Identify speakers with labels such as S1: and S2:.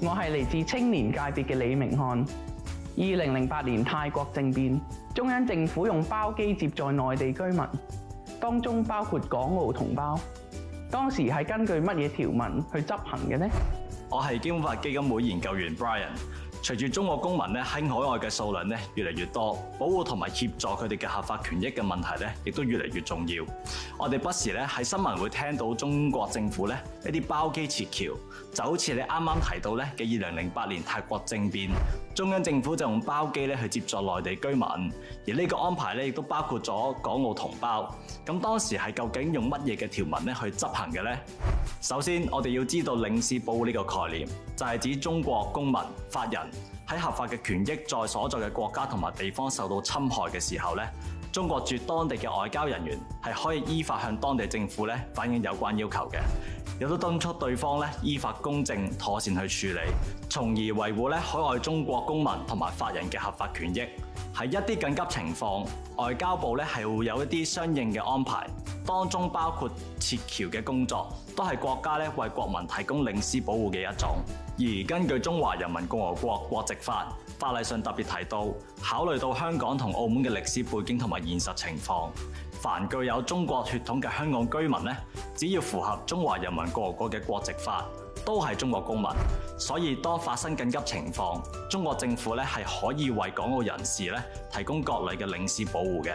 S1: 我係嚟自青年界別嘅李明翰。二零零八年泰國政變，中央政府用包機接載內地居民，當中包括港澳同胞。當時係根據乜嘢條文去執行嘅呢？我係
S2: 基本法基金會研究員 Brian。隨住中國公民咧喺海外嘅數量咧越嚟越多，保護同埋協助佢哋嘅合法權益嘅問題咧，亦都越嚟越重要。我哋不時咧喺新聞會聽到中國政府咧一啲包機撤僑，就好似你啱啱提到咧嘅二零零八年泰國政變，中央政府就用包機咧去接載內地居民，而呢個安排咧亦都包括咗港澳同胞。咁當時係究竟用乜嘢嘅條文咧去執行嘅呢？首先我哋要知道領事保護呢個概念，就係指中國公民、法人，喺合法嘅權益在所在嘅國家同埋地方受到侵害嘅時候咧，中國駐當地嘅外交人員係可以依法向當地政府咧反映有關要求嘅，有得敦促對方咧依法公正妥善去處理，從而維護咧海外中國公民同埋法人嘅合法權益。喺一啲緊急情況，外交部咧係會有一啲相應嘅安排。當中包括撤僑嘅工作，都係國家咧為國民提供領事保護嘅一種。而根據《中華人民共和國國籍法》，法例上特別提到，考慮到香港同澳門嘅歷史背景同埋現實情況，凡具有中國血統嘅香港居民咧，只要符合《中華人民共和國嘅國籍法》，都係中國公民。所以，當發生緊急情況，中國政府咧係可以為港澳人士咧提供各類嘅領事保護嘅。